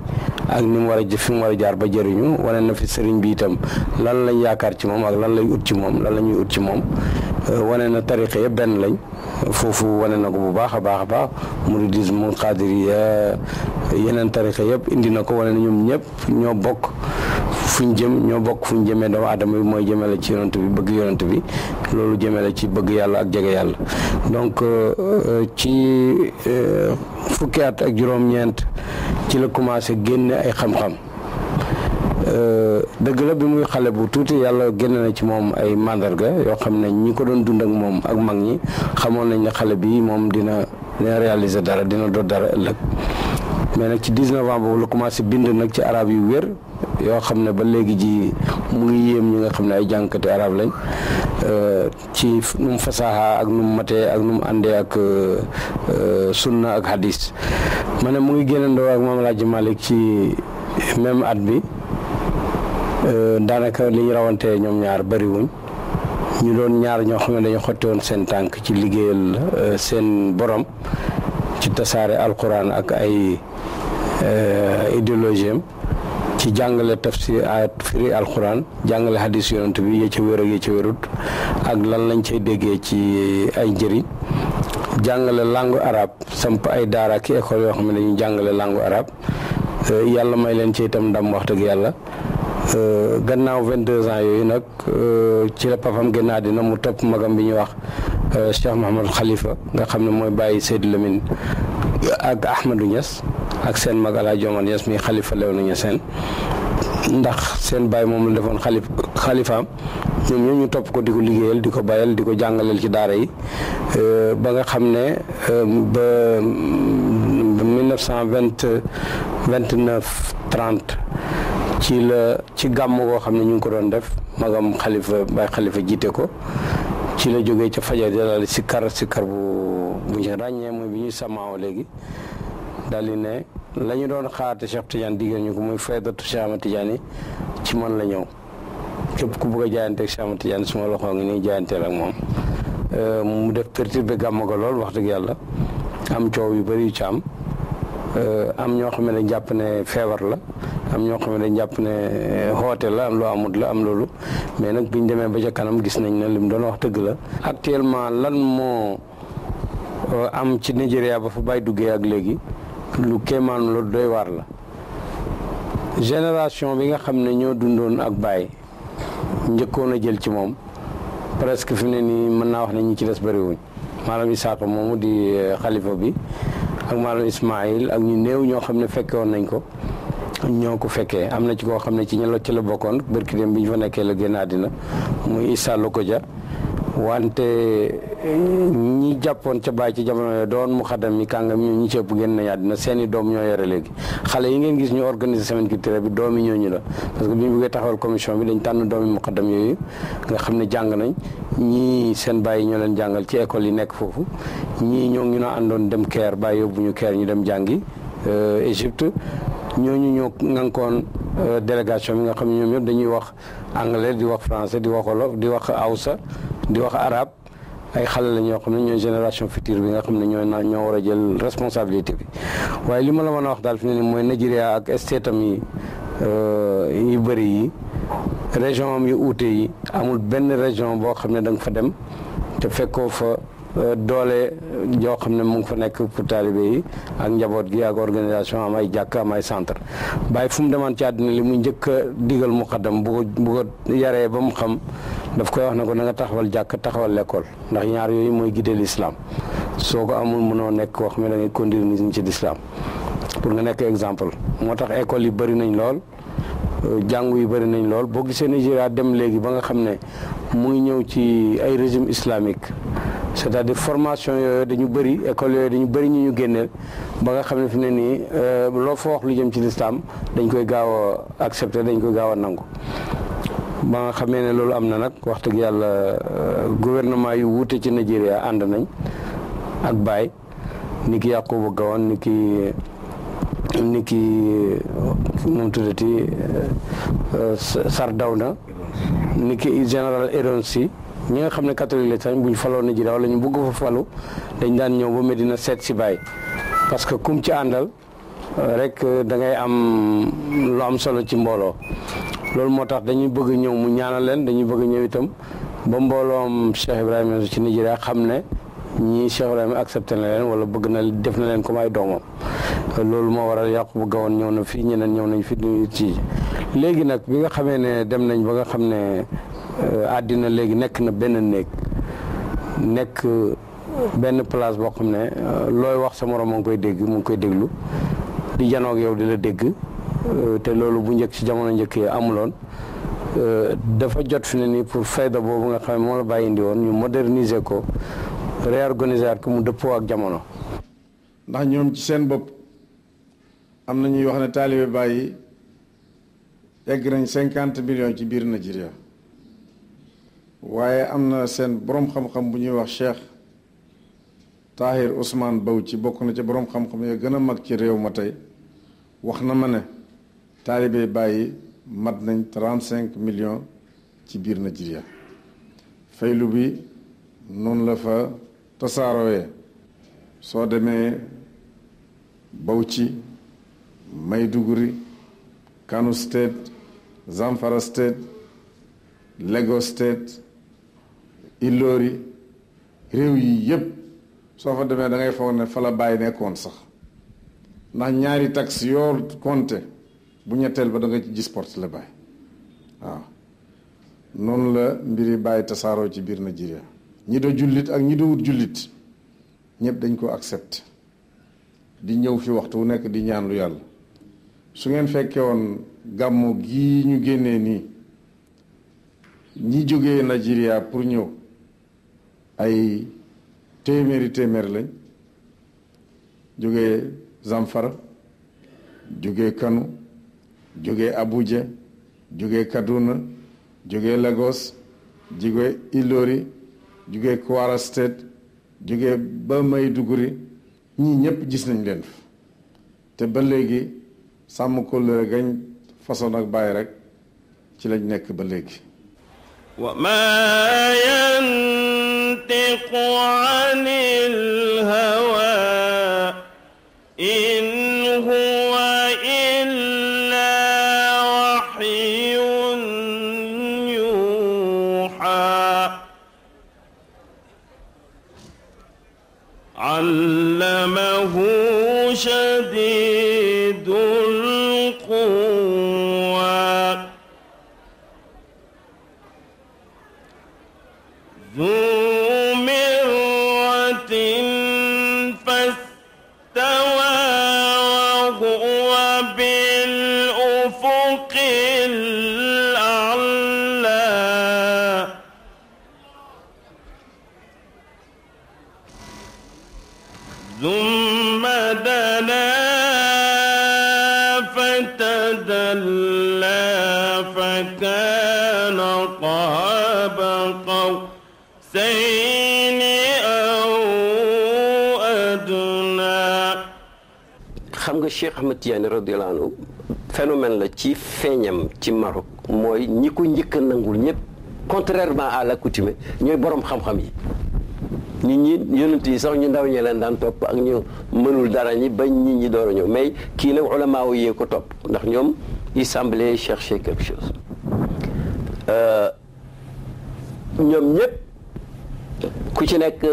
ak ni mu war a fi mu war a jaar ba jëriñu wane na fi sëriñ bi itam lan lañ yaakaar ci moom ak lan lañ ut ci moom lan la ñuy ut ci moom wane na tariqa benn lañ. foofu wane na ko bu baax a baax a baax di muridisme xaadiriya yeneen tarixa yëpp indi na ko wane na ñoom ñëpp ñoo bokk fu ñu jëm ñoo bokk fu ñu jëmee doomu aadama bi mooy jëmee la ci yonant bi bëgg yonant bi loolu jëmee la ci bëgg yàlla ak jege yàlla donc euh, euh, ci euh, fukki ak juróom-ñeent ci la commencé génne ay xam-xam Euh, dëgg la bi muy xale bu tuuti yàlla génn na ci moom ay màndarga yoo xam ne ñi ko doon dund ak moom ak mag ñi xamoon nañ ne xale bi moom dina dina réaliser dara dina doon dara ëllëg mais nag ci 19 ans la commencé bind nag ci arab yu wér yoo xam ne ba léegi ji mu ngi yéem ñi nga xam ne ay jànkati arab lañ euh, ci nu mu ak nu mu matee ak nu mu àndee ak euh, sunna ak hadis ma ne mu ngi génnandoo ak laa Alaaji Malick ci même at bi Euh, daanaka li rawante ñoom ñaar bëriwuñ ñu doon ñaar ñoo xam ne dañu xotti woon seen tànk ci liggéeyal euh, seen borom ci tasaare alquran ak ay euh, idéologie am ci jàngale tafsir ayat firi alquran jàngale hadis yonent bi yee ca wér ak yee ca wérut ak lan lañ cay déggee ci ay njëriñ jàngale langue arabe samp ay daara ki école yoo xam ne dañuy jàngale langue arabe yàlla may leen ci itam ndam wax dëgg yàlla. Euh, gannaaw 22 ans yooyu nag euh, ci la papam génn àddina mu topp magam bi ñuy wax euh, Cheikh Mouhamadou Khalifa nga xam ne mooy bàyyi Seydou Lamine ak Ahmadou Niass ak seen mag El Hadj Omar Niass mi Khalifa Léona Niassène ndax seen bàyyi moom la defoon xalif xalifaam ñoom ñoo ñu topp ko di ko liggéeyal di ko bayal di ko jàngaleel ci daara yi ba nga xam ne ba 1929 30 ci la ci gàmm goo xam ne ñu ngi ko doon def magam xalifa bay xalifa jiite ko ci la jógee ca fajar daal si kar si kar bu bu ñu ràññee mooy bi ñuy samaaw léegi daal di ne la ñu doon xaarte Cheikh Tidiane digal ñu ko muy faydatu Cheikh Ahmad Tidiane yi ci man la ñëw képp ku bëgg a jaayanteeg Cheikh Ahmad suma loxo ngi nii jaayanteel ak moom euh, mu def perturbé gàmm ko lool wax dëgg yàlla am coow yu bëri yu ci am euh, am ñoo xam ne jàpp ne feebar la am ñoo xam ne dañ ne hôtel eh, la am lo amul la am lolu mais nak biñ démé ba ca kanam gis nañ ne lim doon wax dëgg la actuellement lan mo eh, am ci Nigeria ba fa bay duggé ak légui lu kéman lu doy war la génération bi nga xam ne ñoo dundoon ak bay njëkkoon a jël ci moom presque fi ne mën naa wax ne ñi ci des bari wuñ maanaam Isaaka moomu di eh, xalifa bi ak maanaam Ismaïl ak ñu néew ñoo xam ne fekke nañ ko ñoo ko fekkee am na ci koo xam ne ci ña la ci la bokkoon barki dem bi ñu fa nekkee la génn àddina muy ko ja wante ñi jàppoon ca bàyyi ci jamono yooyu doon mu xadam yi kàngam ñoom ñi ci ëpp génn seen doom ñoo yore léegi xale yi ngeen gis ñu organiser semaine bi doom yi ñooñu la parce que bi ñu bëggee taxawal commission bi dañ tànn doomi mu xadam yooyu nga xam ne jàng nañ ñii seen bàyyi ñoo leen jàngal ci école yi nekk foofu ñii ñoo ngi ñu noo àndoon dem keer bàyyi yóbbu ñu keer ñu dem jàngi euh, Égypte ñooñu ñoo ngankoon euh, délégation bi nga xam ne ñoom ñëpp dañuy wax anglais di wax français di wax wolof di wax hausa di wax arabe ay xale la ñoo xam ne ñoo génération future bi nga xam ne ñooy ñoo war a jël responsabilité bi waaye li ma la mën a wax daal fi ne nii mooy Nigeria ak estatam yi euh, yu bëri yi région am yi uute yi amul benn région boo xam ne danga fa dem te fekkoo fa doole joo xam ne mu ngi fa nekk pour taalibe yi ak njaboot gi ak organisation am ay jàkk am ay centre bàyyi fu mu demoon ci àddina li mu njëkk a digal mu xaddam bu ko bu ko yaree ba mu xam daf koy wax ne ko na nga taxawal jàkk taxawal lekkool ndax ñaar yooyu mooy guider l'islam soo ko amul mënoo nekk koo xam ne da ngay conduire nit ñi ci l'islam pour nga nekk exemple moo tax école yi bëri nañ lool jàngu yi bëri nañ lool boo gisee Nigeria dem léegi ba nga xam ne muy ñëw ci ay régime islamique c'est-à-dire formation yooyu dañu bëri école yooyu dañu bëri ñu ñu génneel ba nga xam ne fi ne nii euh, loo foo wax lu jëm ci lislaam dañ koy gaaw a accepté dañ koy gaaw a nangu. ba nga xamee ne loolu am na nag wax dëgg yàlla euh, gouvernement yu wuute ci Nigeria ànd nañ ak baay ni ki Yakubu Gowon ni ki ni ki moom tuddati euh, Sardawna ni ki général Eronsi ñi nga xam ne catholique la tamit bu ñu faloon na ji wala ñu bëgg fa falu dañ daan ñëw ba Medina seet si Baye parce que kum ci àndal euh, rek euh, da ngay am lu am solo ci mbooloo loolu moo tax dañuy bëgg ñëw mu ñaanal leen dañuy bëgg ñëw itam ba mbooloom Cheikh Ibrahima ci Nigeria xam ne ñii Cheikh Ibrahima accepté na leen wala bëgg na def na leen comme ay doomam loolu moo war waral yàqu bu gawoon ñëw na fii ñeneen ñëw nañ fi ci léegi nag bi nga xamee ne dem nañ ba nga xam ne euh, àddina léegi nekk na benn néeg nekk euh, benn place boo xam ne euh, looy wax sa moroom mu ngi koy dégg mu ngi koy déglu di janoog yow di la dégg te loolu bu njëkk ci jamono njëkk yi amuloon dafa jot fi ne nii pour fayda boobu nga xam ne moo la bàyyi ndi woon ñu moderniser ko réorganiser ko mu dëppoo ak jamono. ndax ñoom seen bopp am na ñuy wax ne taalibe bàyyi egg nañ cinquante millions ci biir Nigeria waaye am na seen boroom xam-xam bu ñuy wax Cheikh Tahir baw ci bokk na ci boroom xam-xam ya gën a mag ci réew ma tey wax na ma ne taalibe bàyyi mat nañ trente cinq millions ci biir Nigeria faylu bi noonu la fa tasaarooyee soo demee baw Bauchi Maiduguri Kano State Zamfara state Lagos state Ilori réew yi yëpp soo fa demee da ngay foog ne fa la bàyyi nekkoon sax ndax ñaari tax yoo compté bu ñetteel ba danga nga porte la bàyyi waaw noonu la mbiri bàyyi tasaaroo ci biir Nigeria ñi do jullit ak ñi dowut jullit ñëpp dañ ko accepté di ñëw fi waxtu wu nekk di ñaan lu yàlla su ngeen fekkee woon gàmmu gi ñu génnee nii ñi jógee Nigeria pour ñëw ay téeméeri téeméer lañ jógee Zamfara jóge Kano jógee Abuja jógee Kaduna jógee Lagos jógee Ilori jógee Kwara State jóge ba may Maiduguri ñii ñëpp gis nañ leen fa te ba léegi sàmm kóllëre gañ façon ak bàyyi rek ci lañ nekk ba léegi wa ma yantiqu anil hawa xam nga Cheikh Ahmed Tidiane radiyallahu anhu phénomène la ci feeñam ci Maroc mooy ñi ko njëkk nangul ñëpp contrairement à l'accoutumée ñooy boroom xam-xam yi nit ñi yonent yi sax ñu ndaw ñi leen daan topp ak ñu mënul dara ñi bañ ñi ñi door a ñëw mais kii nag ulama yee ko topp ndax ñoom il semblait chercher quelque chose euh, ñëpp ku ci nekk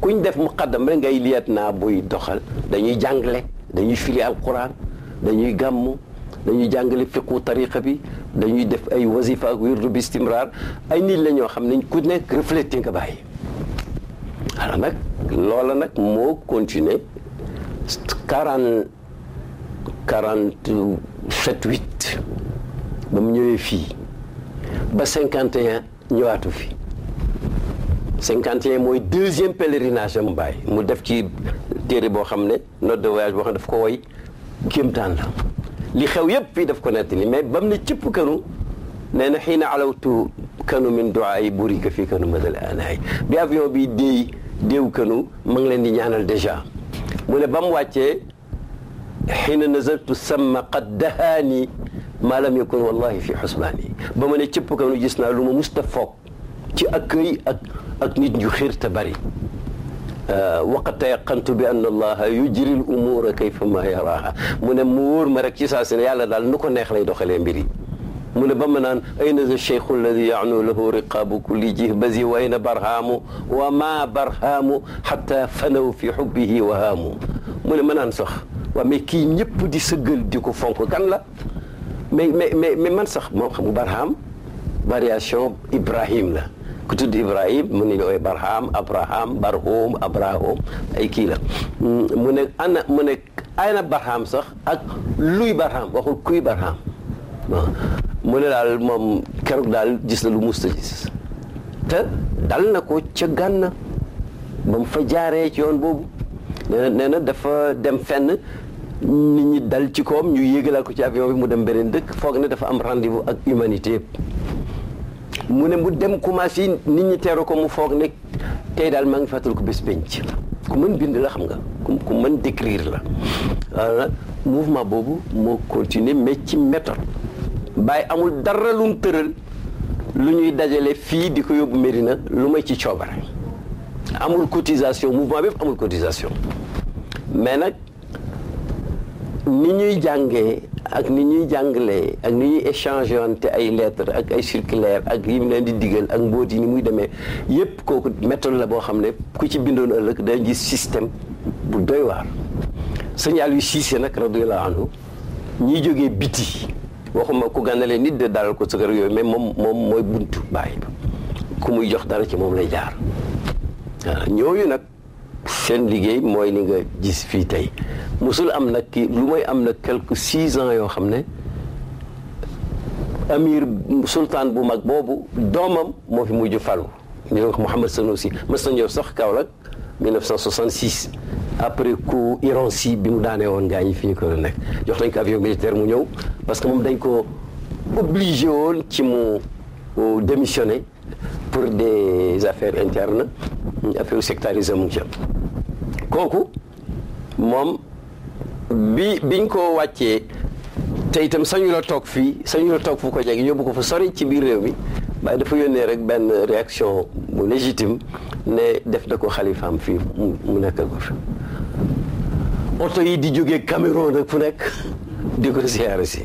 kuñ def muqaddam rek ngay liet naa buy doxal dañuy jàngale dañuy firi alquran dañuy gàmmu dañuy jàngale fiqu tariqa bi dañuy def ay wasifa ak wirdu bi istimrar ay nit la ñoo xam ne ku nekk reflété nga bàyyi alors nag loola nag moo continuer quarante quarante sept huit ba mu ñëwee fii ba cinquante ñëwaatu fi cinquante et mooy deuxième pèlerinage am bàyyi mu def ci téere boo xam ne note de voyage boo xam ne daf ko woy kéemtaan la li xew yëpp fii daf ko nettali mais ba mu ne cëpp kanu nee na xiina alawtu kanu min duaay buri ka fii kanu madal anaay bi avion bi déey déew kanu ma ngi leen di ñaanal dèjà mu ne ba mu wàccee xiina nazartu sama qad dahaani maa lam yakun wallahi fi xusbaani ba ma ne cëpp kanu gis naa lu ma musta foog ci accueil ak ak nit ñu xiir te bari آه، وقد تيقنت بان الله يجري الامور كيفما يراها من مور مركي ساسن يالا دال نكو نيه لاي دوخالي مبيري من بمنان اين ذا الشيخ الذي يعنو له رقاب كل بزي واين برهام وما برهام حتى فنوا في حبه وهاموا من منان صح ومي كي نيب دي سغل ديكو فونكو كان لا مي مي مي من صح مو خمو برهام فارياسيون ابراهيم لا ku tudd Ibrahim mu ne ñooy Barham Abraham Barhum Abraham ay kii la mm, mu ne ana mu ne ayna Barham sax ak luy Barham waxul kuy Barham ah, mu ne daal moom keroog daal gis na lu musta gis te dal na ko ca gànna ba mu fa jaaree ci yoon boobu nee na nee na dafa dem fenn nit ñi dal ci koom ñu yéegalal ko ci avion bi mu dem beneen dëkk foog ne dafa am rendez ak humanité yëpp mu ne mu dem commencé nit ñi teeru ko mu foog nekk tey daal maa ngi fàttali ko bés penc ku mën bind la xam nga ku mën décrire la voilà mouvement boobu moo continuer mais ci méthode bàyyi amul dara lu mu tëral lu ñuy dajale fii di ko yóbbu Medina lu may ci coobare amul cotisation mouvement bépp amul cotisation mais nag ni ñuy jàngee ak ni ñuy jàngale ak ni ñuy échanger ay lettres ak ay circulaire ak yi mu leen di digal ak mbóot yi ni muy demee yépp kooku méthode la boo xam ne ku ci bindoon ëllëg day gis système bu doy waar sëñ Aliou Cissé nag radiyallahu anhu ñiy jóge biti waxuma ku gànnalee nit de dalal ko sukar yooyu mais moom moom mooy buntu bàyyi ku muy jox dara ci moom lay jaar ñooñu nag sen liggéey mooy li nga gis fii tey am ans amir Sultan, bu mag boobu doomam moo fi mujj ñu wax na 1966 après coup Iransi bi mu daanee woon fi ko militaire parce que moom dañ obligé euh, démissionner pour des affaires internes affaire sectarisé mu ngi ca kooku moom bi biñ ko wàccee te itam sañu la toog fii sañu la toog fu ko jege yóbbu ko fa sori ci biir réew mi waaye dafa yónnee rek benn réaction bu légitime ne def na ko xalifaam fii mu nekkal ko fi oto yi di jógee Cameroun nag fu nekk di ko siyaare si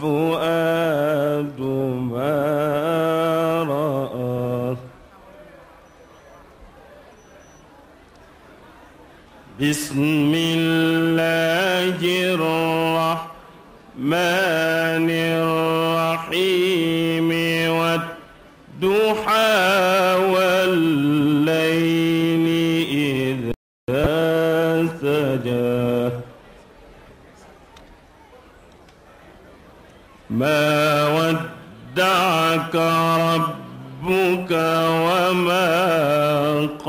الفؤاد ما رأى بسم الله الرحمن